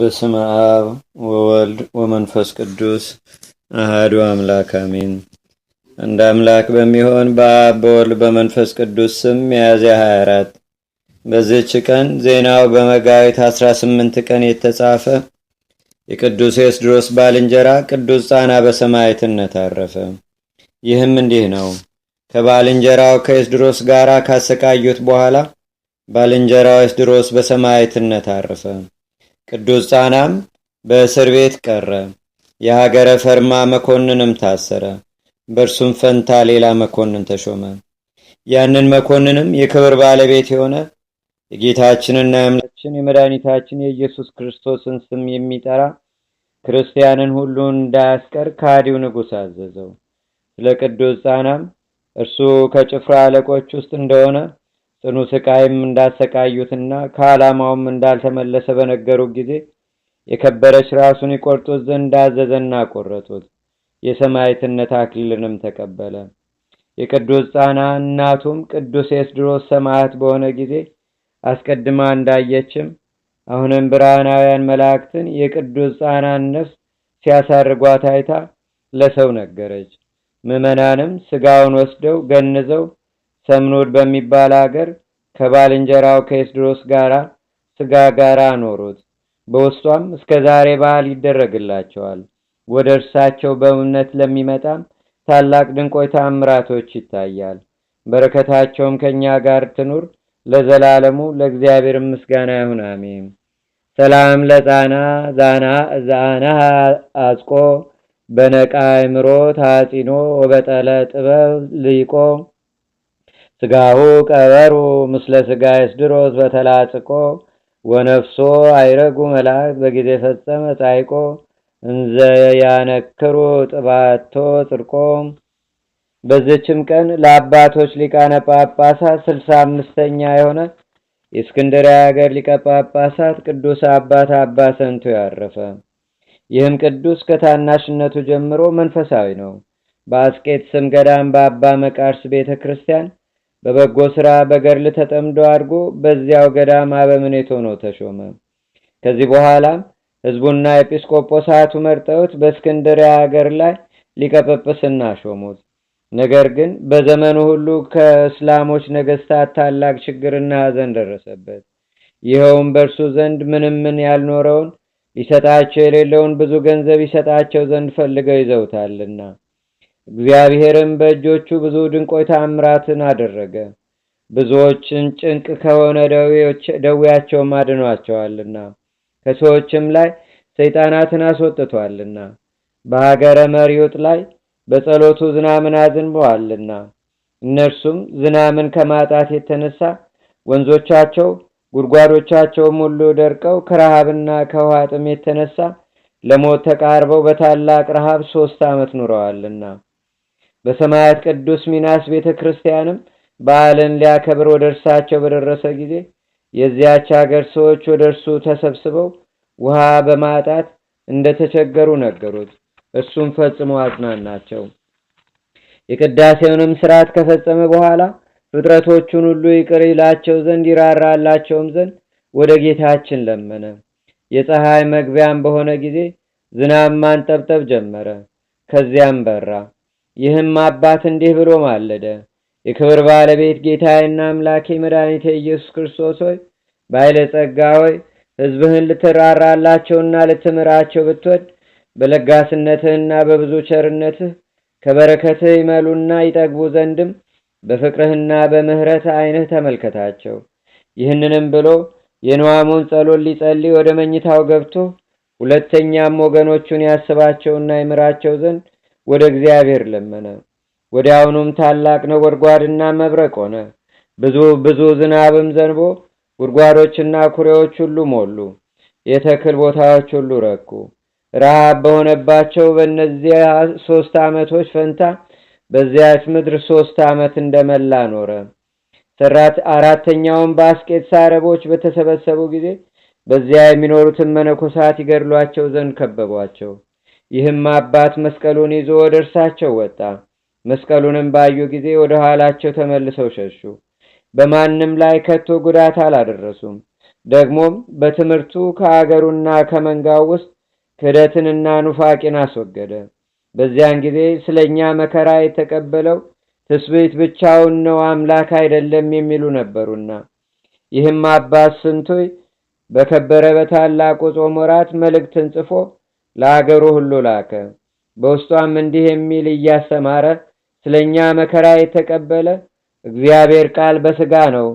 በስመ አብ ወወልድ ወመንፈስ ቅዱስ አህዱ አምላክ አሜን። እንደ አምላክ በሚሆን በአብ በወልድ በመንፈስ ቅዱስ ስም ሚያዝያ 24 በዚህች ቀን ዜናው በመጋቢት 18 ቀን የተጻፈ የቅዱስ ኤስድሮስ ባልንጀራ ቅዱስ ጻና በሰማዕትነት አረፈ። ይህም እንዲህ ነው። ከባልንጀራው ከኤስድሮስ ጋር ካሰቃዩት በኋላ ባልንጀራው ኤስድሮስ በሰማዕትነት አረፈ። ቅዱስ ጣናም በእስር ቤት ቀረ። የሀገረ ፈርማ መኮንንም ታሰረ። በእርሱም ፈንታ ሌላ መኮንን ተሾመ። ያንን መኮንንም የክብር ባለቤት የሆነ የጌታችንና የአምላካችን የመድኃኒታችን የኢየሱስ ክርስቶስን ስም የሚጠራ ክርስቲያንን ሁሉ እንዳያስቀር ከሃዲው ንጉሥ አዘዘው። ስለ ቅዱስ ጻናም እርሱ ከጭፍራ አለቆች ውስጥ እንደሆነ ጽኑ ስቃይም እንዳሰቃዩትና ከዓላማውም እንዳልተመለሰ በነገሩ ጊዜ የከበረች ራሱን ይቆርጡት ዘንድ አዘዘና ቆረጡት። የሰማይትነት አክሊልንም ተቀበለ። የቅዱስ ጻና እናቱም ቅዱስ የስድሮስ ሰማዕት በሆነ ጊዜ አስቀድማ እንዳየችም አሁንም ብርሃናውያን መላእክትን የቅዱስ ጻናን ነፍስ ሲያሳርጓት አይታ ለሰው ነገረች። ምዕመናንም ስጋውን ወስደው ገንዘው ሰምኖድ በሚባል አገር ከባልንጀራው ከኤስድሮስ ጋር ስጋ ጋር አኖሩት። በውስጧም እስከ ዛሬ ባህል ይደረግላቸዋል። ወደ እርሳቸው በእምነት ለሚመጣም ታላቅ ድንቆይ ምራቶች ይታያል። በረከታቸውም ከእኛ ጋር ትኑር ለዘላለሙ። ለእግዚአብሔር ምስጋና ይሁን አሜን። ሰላም ለጻና ዛና ዛና አጽቆ በነቃ አእምሮ ታጺኖ ወበጠለ ጥበብ ልይቆ ስጋሁ ቀበሩ ምስለ ስጋ እስድሮዝ በተላጽቆ ወነፍሶ አይረጉ መላእክት በጊዜ ፈጸመ ጻይቆ እንዘ ያነክሩ ጥባቶ ጽድቆ። በዚችም ቀን ለአባቶች ሊቃነ ጳጳሳት ስልሳ አምስተኛ የሆነ የእስክንድርያ ሀገር ሊቀ ጳጳሳት ቅዱስ አባት አባ ሰንቱ ያረፈ። ይህም ቅዱስ ከታናሽነቱ ጀምሮ መንፈሳዊ ነው። በአስቄት ስም ገዳም በአባ መቃርስ ቤተ ክርስቲያን በበጎ ሥራ በገርል ተጠምዶ አድርጎ በዚያው ገዳም አበምኔት ሆኖ ተሾመ። ከዚህ በኋላም ሕዝቡና ኤጲስቆጶሳቱ መርጠውት በእስክንድሪያ አገር ላይ ሊቀጵጵስና ሾሙት። ነገር ግን በዘመኑ ሁሉ ከእስላሞች ነገስታት ታላቅ ችግርና ሐዘን ደረሰበት። ይኸውም በእርሱ ዘንድ ምንም ምን ያልኖረውን ሊሰጣቸው የሌለውን ብዙ ገንዘብ ይሰጣቸው ዘንድ ፈልገው ይዘውታልና እግዚአብሔርም በእጆቹ ብዙ ድንቆይ ታምራትን አደረገ። ብዙዎችን ጭንቅ ከሆነ ደዌያቸውም አድኗቸዋልና ከሰዎችም ላይ ሰይጣናትን አስወጥቷልና በሀገረ መሪውጥ ላይ በጸሎቱ ዝናምን አዝንበዋልና እነርሱም ዝናምን ከማጣት የተነሳ ወንዞቻቸው ጉድጓዶቻቸውም ሁሉ ደርቀው ከረሃብና ከውሃ ጥም የተነሳ ለሞት ተቃርበው በታላቅ ረሃብ ሶስት ዓመት ኑረዋልና በሰማያት ቅዱስ ሚናስ ቤተ ክርስቲያንም በዓልን ሊያከብር ወደ እርሳቸው በደረሰ ጊዜ የዚያች አገር ሰዎች ወደ እርሱ ተሰብስበው ውሃ በማጣት እንደተቸገሩ ነገሩት። እሱም ፈጽሞ አጽናናቸው። የቅዳሴውንም ስርዓት ከፈጸመ በኋላ ፍጥረቶቹን ሁሉ ይቅር ይላቸው ዘንድ ይራራላቸውም ዘንድ ወደ ጌታችን ለመነ። የፀሐይ መግቢያም በሆነ ጊዜ ዝናብ ማንጠብጠብ ጀመረ። ከዚያም በራ። ይህም አባት እንዲህ ብሎ ማለደ። የክብር ባለቤት ጌታዬና አምላኬ መድኃኒቴ ኢየሱስ ክርስቶስ ሆይ ባይለ ጸጋ ሆይ ሕዝብህን ልትራራላቸውና ልትምራቸው ብትወድ በለጋስነትህና በብዙ ቸርነትህ ከበረከትህ ይመሉና ይጠግቡ ዘንድም በፍቅርህና በምሕረት ዓይንህ ተመልከታቸው። ይህንንም ብሎ የንዋሙን ጸሎት ሊጸልይ ወደ መኝታው ገብቶ ሁለተኛም ወገኖቹን ያስባቸውና ይምራቸው ዘንድ ወደ እግዚአብሔር ለመነ። ወዲያውኑም ታላቅ ነጎድጓድና መብረቅ ሆነ። ብዙ ብዙ ዝናብም ዘንቦ ጉድጓዶችና ኩሬዎች ሁሉ ሞሉ። የተክል ቦታዎች ሁሉ ረኩ። ረሃብ በሆነባቸው በእነዚያ ሶስት ዓመቶች ፈንታ በዚያች ምድር ሶስት ዓመት እንደመላ ኖረ። አራተኛውን በአስቄት ሳረቦች በተሰበሰቡ ጊዜ በዚያ የሚኖሩትን መነኮሳት ይገድሏቸው ዘንድ ከበቧቸው። ይህም አባት መስቀሉን ይዞ ወደ እርሳቸው ወጣ። መስቀሉንም ባዩ ጊዜ ወደ ኋላቸው ተመልሰው ሸሹ። በማንም ላይ ከቶ ጉዳት አላደረሱም። ደግሞም በትምህርቱ ከአገሩና ከመንጋው ውስጥ ክህደትንና ኑፋቂን አስወገደ። በዚያን ጊዜ ስለ እኛ መከራ የተቀበለው ትስብእት ብቻውን ነው አምላክ አይደለም የሚሉ ነበሩና ይህም አባት ስንቶይ በከበረ በታላቁ ጾም ወራት መልእክትን ጽፎ ለአገሩ ሁሉ ላከ። በውስጧም እንዲህ የሚል እያሰማረ ስለ እኛ መከራ የተቀበለ እግዚአብሔር ቃል በስጋ ነው።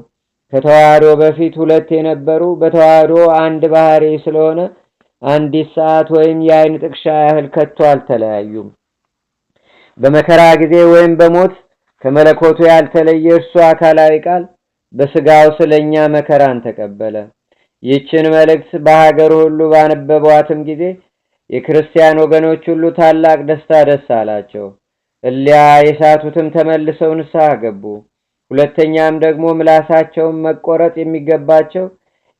ከተዋህዶ በፊት ሁለት የነበሩ በተዋህዶ አንድ ባህሪ ስለሆነ አንዲት ሰዓት ወይም የአይን ጥቅሻ ያህል ከቶ አልተለያዩም። በመከራ ጊዜ ወይም በሞት ከመለኮቱ ያልተለየ እርሱ አካላዊ ቃል በስጋው ስለኛ መከራን ተቀበለ። ይችን መልእክት በሀገር ሁሉ ባነበቧትም ጊዜ የክርስቲያን ወገኖች ሁሉ ታላቅ ደስታ ደስ አላቸው። እሊያ የሳቱትም ተመልሰው ንስሐ ገቡ። ሁለተኛም ደግሞ ምላሳቸውን መቆረጥ የሚገባቸው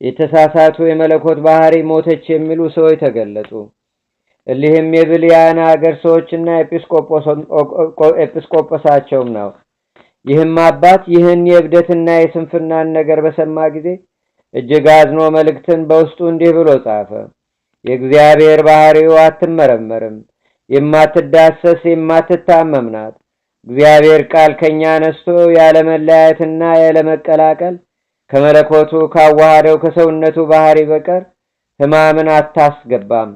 የተሳሳቱ የመለኮት ባህሪ ሞተች የሚሉ ሰዎች ተገለጡ እሊህም የብልያን አገር ሰዎችና ኤጲስቆጶሳቸውም ነው። ይህም አባት ይህን የእብደትና የስንፍናን ነገር በሰማ ጊዜ እጅግ አዝኖ መልእክትን በውስጡ እንዲህ ብሎ ጻፈ። የእግዚአብሔር ባህሪው አትመረመርም፣ የማትዳሰስ የማትታመም ናት። እግዚአብሔር ቃል ከእኛ ነስቶ ያለመለያየትና ያለመቀላቀል ከመለኮቱ ካዋሃደው ከሰውነቱ ባህሪ በቀር ሕማምን አታስገባም።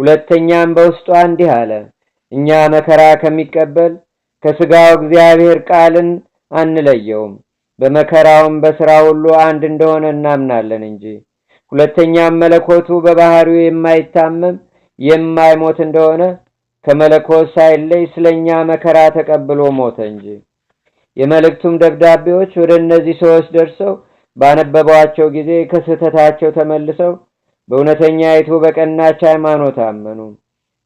ሁለተኛም በውስጧ እንዲህ አለ፣ እኛ መከራ ከሚቀበል ከሥጋው እግዚአብሔር ቃልን አንለየውም፣ በመከራውም በሥራ ሁሉ አንድ እንደሆነ እናምናለን እንጂ ሁለተኛም መለኮቱ በባህሪው የማይታመም የማይሞት እንደሆነ ከመለኮት ሳይለይ ስለኛ መከራ ተቀብሎ ሞተ እንጂ። የመልእክቱም ደብዳቤዎች ወደ እነዚህ ሰዎች ደርሰው ባነበቧቸው ጊዜ ከስህተታቸው ተመልሰው በእውነተኛ ይቱ በቀናች ሃይማኖት አመኑ።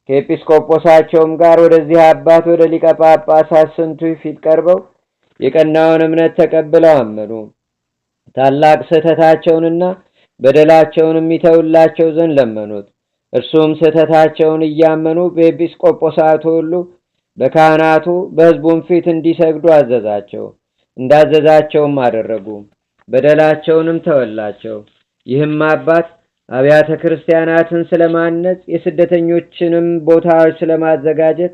ከኤጲስቆጶሳቸውም ጋር ወደዚህ አባት ወደ ሊቀ ጳጳሳት ስንቱ ፊት ቀርበው የቀናውን እምነት ተቀብለው አመኑ። ታላቅ ስህተታቸውንና በደላቸውንም ይተውላቸው ዘንድ ለመኑት። እርሱም ስህተታቸውን እያመኑ በኤጲስቆጶሳቱ ሁሉ በካህናቱ በሕዝቡም ፊት እንዲሰግዱ አዘዛቸው። እንዳዘዛቸውም አደረጉ። በደላቸውንም ተወላቸው። ይህም አባት አብያተ ክርስቲያናትን ስለማነጽ የስደተኞችንም ቦታዎች ስለማዘጋጀት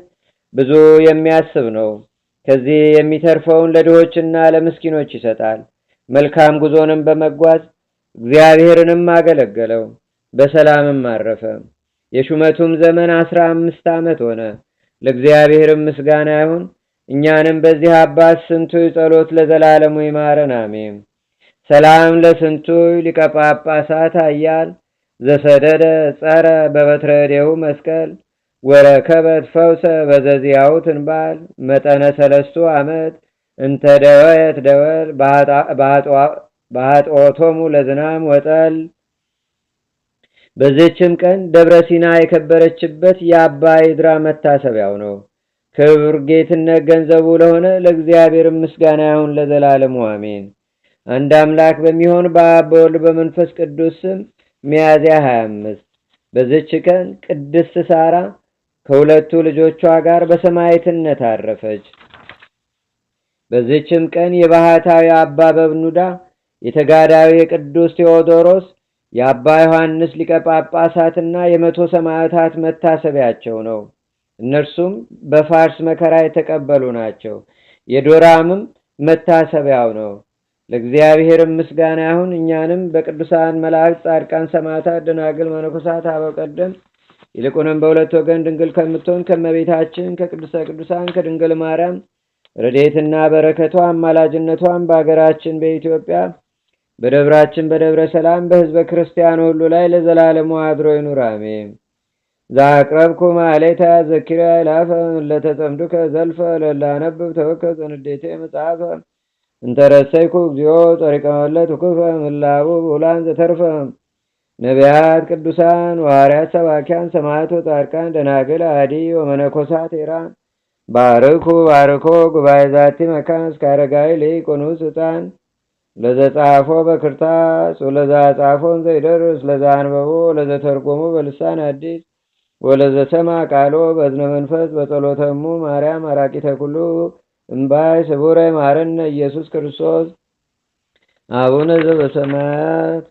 ብዙ የሚያስብ ነው። ከዚህ የሚተርፈውን ለድሆችና ለምስኪኖች ይሰጣል። መልካም ጉዞንም በመጓዝ እግዚአብሔርንም አገለገለው፣ በሰላምም አረፈ። የሹመቱም ዘመን አስራ አምስት ዓመት ሆነ። ለእግዚአብሔርም ምስጋና ይሁን። እኛንም በዚህ አባት ስንቱይ ጸሎት ለዘላለሙ ይማረን አሜን። ሰላም ለስንቱይ ሊቀ ጳጳሳት አያል ዘሰደደ ጸረ በበትረዴው መስቀል ወረከበት ፈውሰ በዘዚያው ትንባል መጠነ ሰለስቱ ዓመት እንተደወየት ደወል በኃጢአቶሙ ለዝናም ወጠል። በዚህችም ቀን ደብረ ሲና የከበረችበት የአባ ይድራ መታሰቢያው ነው። ክብር ጌትነት ገንዘቡ ለሆነ ለእግዚአብሔር ምስጋና ይሁን ለዘላለሙ አሜን። አንድ አምላክ በሚሆን በአብ በወልድ በመንፈስ ቅዱስ ስም ሚያዝያ 25 በዚች ቀን ቅድስት ሳራ ከሁለቱ ልጆቿ ጋር በሰማዕትነት አረፈች። በዚችም ቀን የባህታዊ አባ በብኑዳ የተጋዳዊ የቅዱስ ቴዎዶሮስ የአባ ዮሐንስ ሊቀ ጳጳሳትና የመቶ ሰማዕታት መታሰቢያቸው ነው። እነርሱም በፋርስ መከራ የተቀበሉ ናቸው። የዶራምም መታሰቢያው ነው። ለእግዚአብሔር ምስጋና ይሁን። እኛንም በቅዱሳን መላእክት፣ ጻድቃን፣ ሰማዕታት፣ ደናግል፣ መነኮሳት፣ አበው ቀደም ይልቁንም በሁለት ወገን ድንግል ከምትሆን ከመቤታችን ከቅዱሰ ቅዱሳን ከድንግል ማርያም ረድኤትና በረከቷ አማላጅነቷን በአገራችን በኢትዮጵያ በደብራችን በደብረ ሰላም በህዝበ ክርስቲያን ሁሉ ላይ ለዘላለሙ አድሮ ይኑር፣ አሜን። ዛቅረብኩ ማሌታ ዘኪራ ይላፈ ለተጠምዱከ ዘልፈ ለላነብብ ተወከ ዘንዴቴ መጽሐፈ እንተረሰይኩ እግዚኦ መለት ውክፈ ምላቡ ብሁላን ዘተርፈ ነቢያት ቅዱሳን ዋርያት ሰባኪያን ሰማያቶ ጻድቃን ደናግል አዲ ወመነኮሳት ቴራን ባርኩ ባርኮ ጉባኤ ዛቲ መካን እስከ አረጋዊ ልይ ህፃን ጻፎ በክርታስ ወለዛ ጻፎን ዘይደርስ ለዛ አንበቦ ለዘተርጎሞ በልሳን አዲስ ወለዘሰማ ቃሎ በዝነ መንፈስ በጸሎተሙ ማርያም አራቂ ተኩሉ እምባይ ስቡረ ማረነ ኢየሱስ ክርስቶስ አቡነ ዘበሰማያት